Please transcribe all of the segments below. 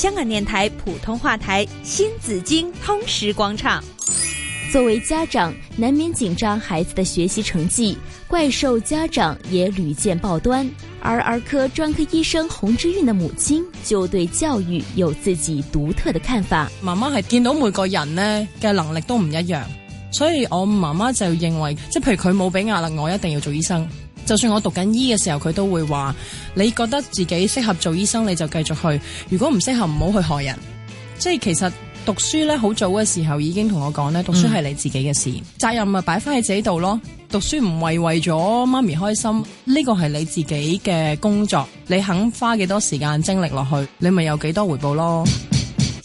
香港電台普通話台新紫荊通識廣場。作為家長，難免緊張孩子的學習成績，怪獸家長也屢見報端。而兒科專科醫生洪之韻的母親就對教育有自己獨特的看法。媽媽係見到每個人咧嘅能力都唔一樣，所以我媽媽就認為，即係譬如佢冇俾壓力，我一定要做醫生。就算我讀緊醫嘅時候，佢都會話：你覺得自己適合做醫生，你就繼續去；如果唔適合，唔好去害人。即係其實讀書呢，好早嘅時候已經同我講呢、嗯、讀書係你自己嘅事，責任咪擺翻喺自己度咯。讀書唔係為咗媽咪開心，呢個係你自己嘅工作，你肯花幾多時間精力落去，你咪有幾多回報咯。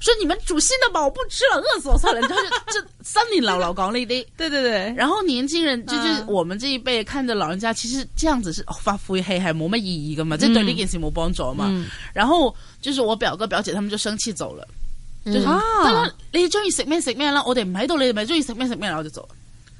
說你們煮新的吧，我不吃了，餓死我算了。然後就是這，就 三年老老講呢啲，對對對。然後年輕人，嗯、就是我們這一輩看着老人家，其實這樣子是、哦、發灰黑還冇乜意義的嘛，這對呢件事冇幫助嘛。嗯、然後就是我表哥表姐他們就生氣走了，就是啊、嗯，你中意食咩食咩啦，我哋唔喺度，你哋咪中意食咩食咩，然後我就走。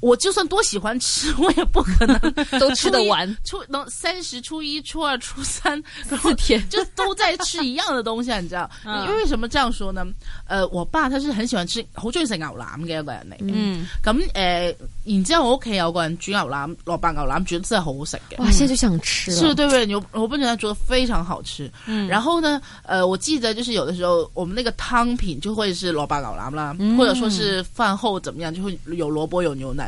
我就算多喜歡吃，我也不可能都吃得完。初能三十、初一、初二、初三四天，就都在吃一樣的東西，啊，你知道？因、 嗯、為什麼這樣說呢？呃，我爸他是很喜歡吃，好中意食牛腩嘅一個人，嗯，咁、嗯、呃，你知道我屋企有個人煮牛腩、蘿蔔牛腩，覺得真係好好食嘅。哇，現在就想吃。是，對不對，牛，我本人覺得煮得非常好吃。嗯，然後呢，呃，我記得就是有的時候我們那個湯品就會是蘿蔔牛腩啦、嗯，或者說是飯後怎麼樣，就會有蘿蔔有牛腩。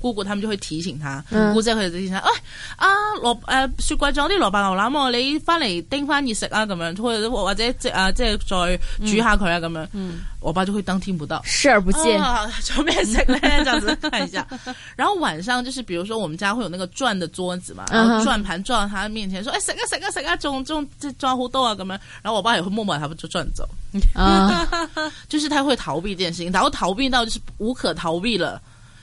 姑姑他們就會提醒他，姑姐佢哋提醒他：他、嗯、喂、哎，啊羅呃雪櫃仲有啲蘿蔔牛腩喎，你翻嚟叮翻熱食啊咁樣，或者即啊即係再煮下佢啊咁樣。我爸就會當聽不到，視而不見。做咩食咧？這樣子看一下。 然後晚上就是，比如說我們家會有那個轉的桌子嘛，然後轉盤轉到他面前，說：，哎食啊食啊食啊，中中即轉胡豆啊咁樣，啊。然後我爸也會默默，他們就轉走。啊、嗯， 就是他會逃避這件事情，然後逃避到就是無可逃避了。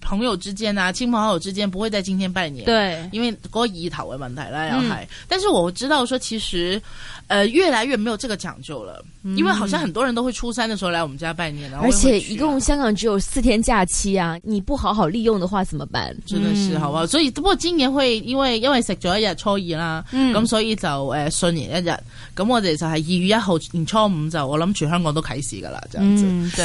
朋友之間啊，親朋好友之間不會在今天拜年，對，因為過一頭的問題啦，又係。但是我知道說，其實呃，越來越沒有這個講究了、嗯，因為好像很多人都會初三的時候來我們家拜年然後會會、啊。而且一共香港只有四天假期啊，你不好好利用的話怎麼辦？嗯、真的是好不好？所以不過今年會因為因為食咗一日初二啦，咁、嗯嗯、所以就誒順延一日。咁我哋就係二月一號年初五就我諗全香港都開始噶啦，這樣子、嗯、對。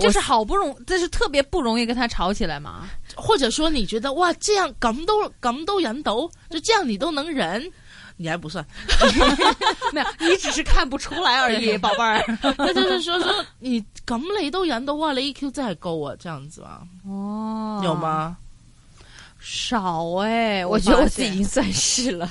就是好不容易，就是，是特別不容易跟他吵起來嘛。或者說你覺得哇，這樣咁都咁都忍到，就這樣你都能忍， 你還不算？ 沒有，你只是看不出來而已， 寶貝兒。 那就是說說你咁你都忍到哇，你 EQ 真係高我啊，這樣子啊。哦，有嗎？少哎、欸，我覺得我自己已經算是了。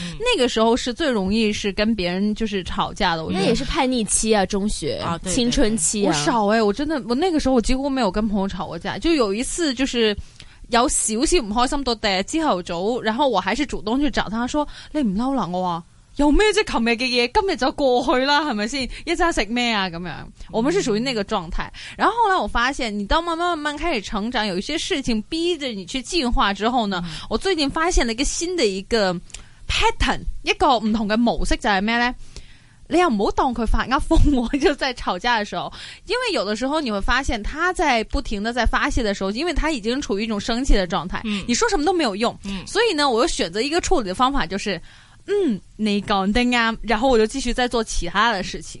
嗯、那個時候是最容易是跟別人就是吵架的，我覺得嗯、那也是叛逆期啊，中學啊對對對，青春期、啊。我少哎、欸，我真的，我那個時候我幾乎沒有跟朋友吵過架，就有一次就是有少少唔開心到第日朝頭早，然後我還是主動去找他說你唔嬲啦，我話有咩啫，琴日嘅嘢今日就過去啦，係咪先？一陣食咩啊？咁樣，我們是屬於那個狀態、嗯。然后後來我發現，你當慢慢慢慢開始成長，有一些事情逼着你去進化之後呢、嗯，我最近發現了一個新的一個。pattern 一個唔同嘅模式就係咩咧？你又唔好當佢發啱瘋，我就在吵架嘅時候，因為有的時候你會發現，他在不停的在發洩嘅時候，因為他已經處於一種生氣的狀態，嗯，你說什麼都沒有用。嗯，所以呢，我又選擇一個處理嘅方法，就是，嗯，你講得啱，然後我就繼續再做其他嘅事情。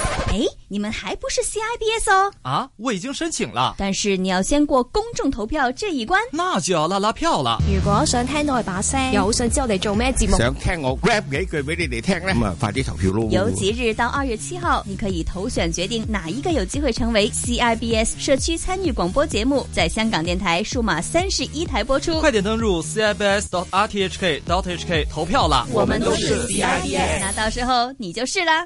你們還不是 C I B S 哦？啊，我已經申請了，但是你要先過公眾投票這一關，那就要拉拉票了。如果想聽到我把聲，有想知道我做咩節目，想聽我 rap 幾句俾你哋聽咧，咁啊，快啲投票咯！由幾日到二月七號，你可以投選決定哪一個有機會成為 C I B S 社區參與廣播節目，在香港電台數碼三十一台播出。快點登入 C I B S dot r t h k dot h k 投票啦！我們都是 C I B S，那到時候你就是啦。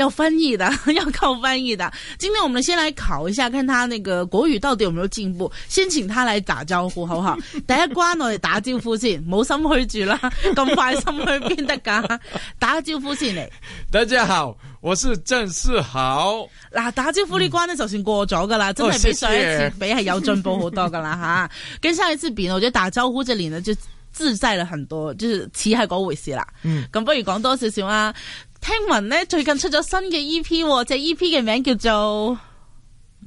要翻譯的，要靠翻譯的。今天我們先來考一下，看他那個國語到底有沒有進步。先請他來打招呼，好不好？第一關我哋打招呼先，冇 心去住啦，咁快心去邊得噶？ 打個招呼先嚟。大家好，我是鄭思豪。嗱，打招呼呢關呢就算過咗噶啦，真係比上一次比係有進步好多噶啦吓。哦、謝謝 跟上一次比，或者打招呼這裏呢，就自在了很多，就是似係嗰回事啦。嗯，咁不如講多少少啊。聽聞咧，最近出咗新嘅 E.P. 喎，隻 E.P. 嘅名叫做。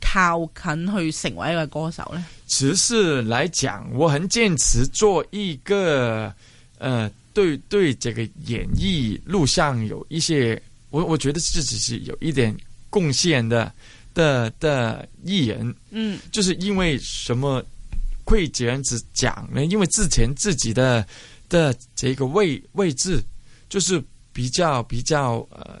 靠近去成為一個歌手呢？其實來講，我很堅持做一個，呃，對對，這個演藝路上有一些，我我覺得自己是有一點貢獻的的的藝人，嗯，就是因為什麼，會這樣子講呢？因為之前自己的的這個位位置，就是比較比較，呃。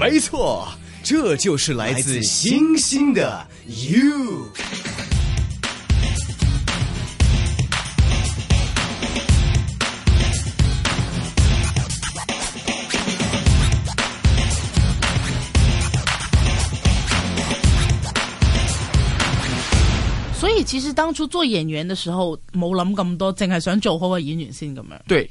沒錯，這就是來自星星的 you。所以，其實當初做演員的時候，冇諗咁多，淨係想做好個演員先咁樣。對。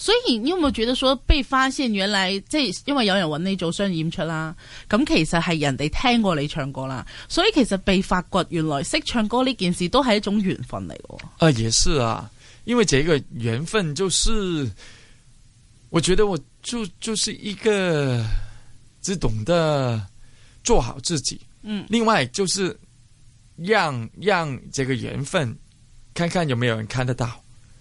所以你有冇覺得說，被發現原來即係、就是、因為有人揾你做商演出啦，咁其實係人哋聽過你唱歌啦，所以其實被發掘原來識唱歌呢件事都係一種緣分嚟嘅。啊、呃，也是啊，因為這個緣分就是，我覺得我就就是一個只懂得做好自己，嗯，另外就是讓讓這個緣分，看看有沒有人看得到。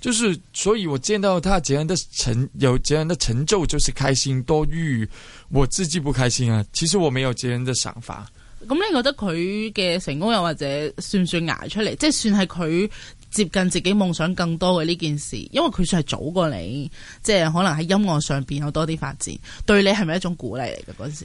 就是，所以我見到他怎樣的成有這樣的成就，就是開心多於我自己不開心啊。其實我沒有這樣的想法。咁你覺得佢嘅成功又或者算唔算捱出嚟，即係算係佢接近自己夢想更多嘅呢件事？因為佢算係早過你，即係可能喺音樂上邊有多啲發展，對你係咪一種鼓勵嚟嘅嗰陣時？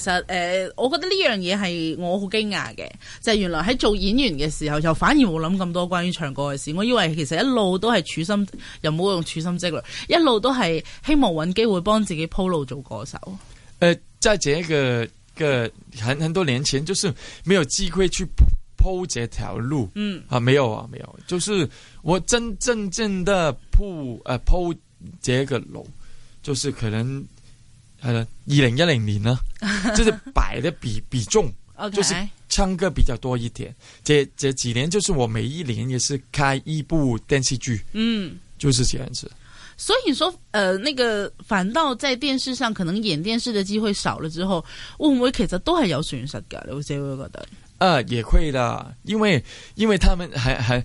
其實誒、呃，我覺得呢樣嘢係我好驚訝嘅，就係、是、原來喺做演員嘅時候，就反而冇諗咁多關於唱歌嘅事。我以為其實一路都係處心，又冇用處心積慮，一路都係希望揾機會幫自己鋪路做歌手。誒、呃，喺呢個很很多年前，就是沒有機會去鋪這條路。嗯，啊，沒有啊，沒有，就是我真真正正的鋪誒鋪這個路，就是可能。係咯，二零一零年呢， 就是擺的比比重，okay, 就是唱歌比較多一點。Okay. 這這幾年就是我每一年也是開一部電視劇，嗯，就是這樣子。所以你說，呃，那個反倒在電視上可能演電視的機會少了之後，會唔會其實都係有損失噶？你會唔會覺得？呃、uh,，也會的，因為因為他們還還。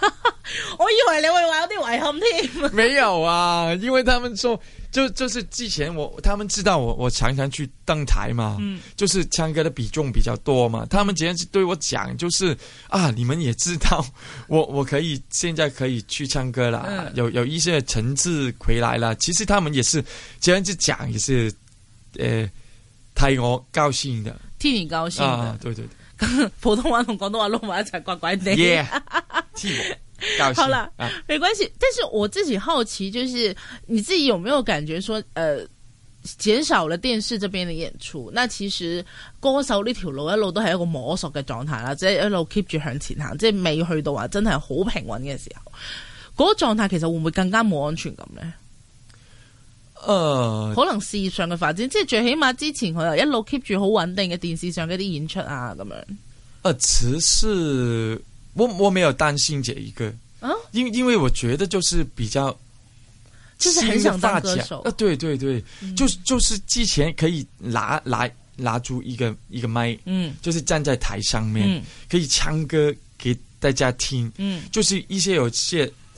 我以為你會話有點遺憾添， 沒有啊，因為他們說就就是之前我，他們知道我我常常去登台嘛，嗯，就是唱歌的比重比較多嘛，他們這樣子對我講，就是啊，你們也知道我我可以現在可以去唱歌啦、嗯，有有一些層次回來了，其實他們也是，這樣子講，也是呃替我高興的，替你高興的啊，對對對。 普通話同廣東話撈埋一齊、yeah, 怪怪哋。好啦沒關係。但是我自己好奇，就是你自己有沒有感覺說，誒、呃，減少了電視這邊的演出，那其實歌手呢條路一路都係一個摸索嘅狀態啦，即、就、係、是、一路 keep 住向前行，即係未去到話真係好平穩嘅時候，嗰、那個狀態其實會唔會更加冇安全感呢？呃，可能事業上嘅發展，即係最起碼之前佢又一路 keep 住好穩定嘅電視上嗰啲演出啊，咁樣。呃，其實我我沒有擔心這一個，啊，因因為我覺得就是比較，就是很想當歌手。啊，對對對，嗯、就是、就是之前可以拿，拿，拿住一個一個麥，嗯，就是站在台上面、嗯、可以唱歌給大家聽，嗯，就是一些有些。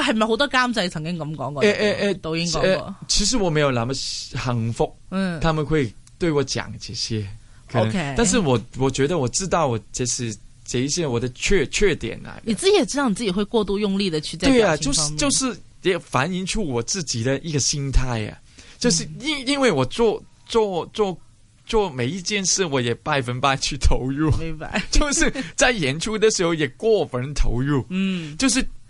係咪好多監製曾經咁講過？誒誒誒，導演講過。其實我沒有那麼幸福，他們會對我講這些。嗯、okay，但是我我覺得我知道我這是這一些我的缺缺點啦。你自己也知道，你自己會過度用力的去這樣。對啊，就是就是也反映出我自己的一個心態啊。就是因因為我做做做做每一件事，我也百分百去投入，明白。 就是在演出的時候也過分投入，嗯，就是。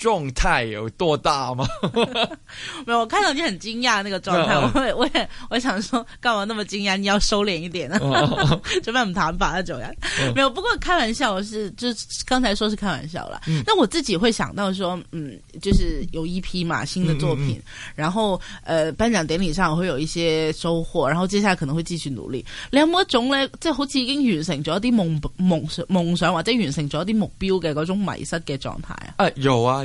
狀態有多大嗎？ 沒有，我看到你很驚訝那個狀態，我 我也，我，也我想說，幹嘛那麼驚訝？你要收斂一點 準備啊！就那麼坦白那種呀，沒有，不過開玩笑，我是就剛才說是開玩笑了那、嗯、我自己會想到說，嗯，就是有一批嘛新的作品，嗯嗯嗯嗯然後呃頒獎典禮上我會有一些收穫，然後接下來可能會繼續努力。你有冇一種呢？即好似已經完成咗一啲夢夢夢，夢想或者完成咗一啲目標嘅嗰種迷失嘅狀態啊？呃，有啊。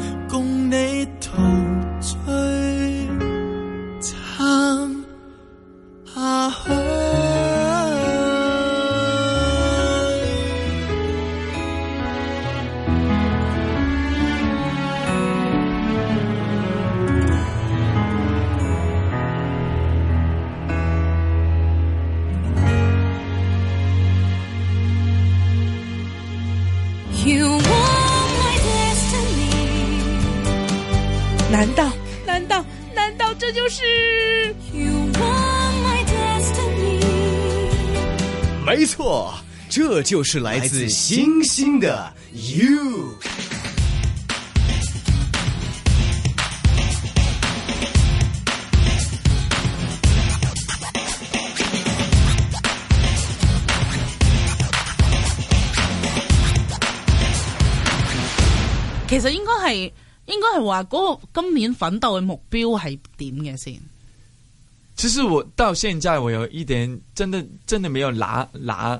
就是來自星星的 you。其實應該係，應該係話嗰個今年奮鬥嘅目標係點嘅先。其實我到現在，我有一點真的真的沒有拿拿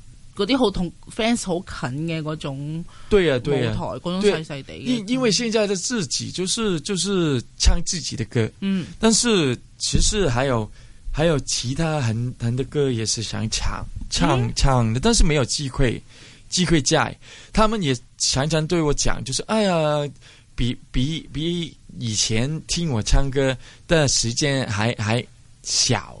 嗰啲好同 fans 好近嘅嗰種，對啊，舞台嗰種細細哋。因、啊啊、因為現在的自己，就是就是唱自己的歌，嗯，但是其實還有還有其他很很多歌也是想唱唱唱，的、嗯，但是沒有機會，機會在。他們也常常對我講，就是，哎呀，比比比以前聽我唱歌的時間還還小。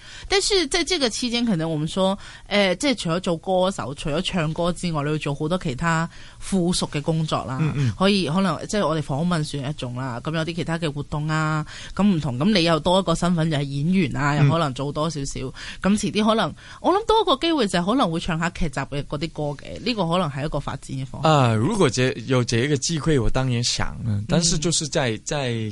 但是即係即係個期間其實我們說，誒，即係除咗做歌手，除咗唱歌之外，你會做好多其他附屬嘅工作啦、嗯嗯。可以可能即係我哋訪問算一種啦。咁有啲其他嘅活動啊，咁唔同。咁你又多一個身份，就係、是、演員啊，又可能做多少少。咁、嗯、遲啲可能，我諗多一個機會就可能會唱下劇集嘅嗰啲歌嘅。呢、這個可能係一個發展嘅方向。啊，如果有有這個機會，我當然想，但是就是在在。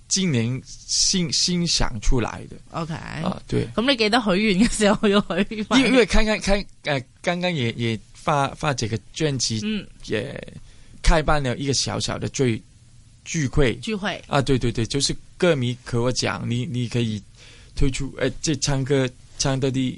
今年新新想出來的，OK，啊，對，咁、嗯、你記得許願嘅時候要許願，因為因為看看看誒、呃，剛剛也也發發這個專輯，嗯，也開辦了一個小小的聚聚會聚會啊，對對對，就是歌迷，和我講你你可以推出誒，即、呃、唱歌唱到啲。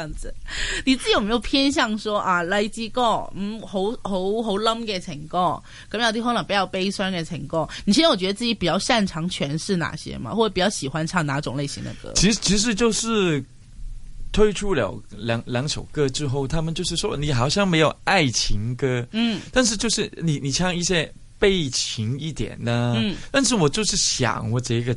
這樣子，你自己有沒有偏向說啊？來 志歌嗯，好好好冧嘅情歌，咁有啲可能比較悲傷嘅情歌。你現在有覺得自己比較擅長詮釋哪些嘛，或者比較喜歡唱哪種類型的歌。其實其實就是推出了兩兩首歌之後，他們就是說你好像沒有愛情歌，嗯，但是就是你你唱一些悲情一點呢、啊。嗯，但是我就是想我這個。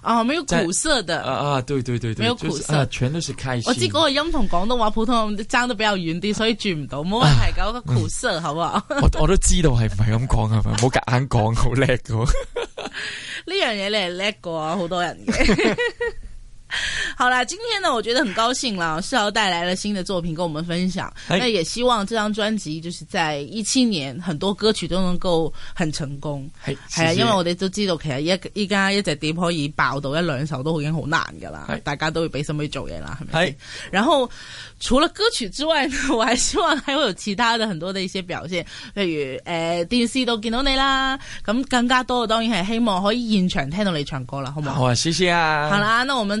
哦就是，啊，沒有苦澀的，啊啊，對對對對，沒有苦，就是啊，全都是開心。我知嗰個音同廣東話、普通話爭得比較遠啲，所以轉唔到，冇問題噶。嗰個苦澀，啊嗯，好啊。我我都知道係唔係咁講係咪？唔好夾硬講，好叻噶。呢樣嘢你係叻過好多人嘅。 好啦，今天呢，我覺得很高興啦，少帶來了新的作品跟我們分享。那也希望這張專輯，就是在一七年，很多歌曲都能夠很成功。係係啊，因為我哋都知道，其實一依家一隻碟可以爆到一,一,一,一,一,一兩首都已經好難㗎啦，大家都會俾心去做嘢啦。係。然後除了歌曲之外呢，我還希望還會有其他的很多的一些表現，例如誒、呃、電視都見到你啦。咁更加多的當然係希望可以現場聽到你唱歌啦，好唔好？好啊，謝謝啊。好啦，那我們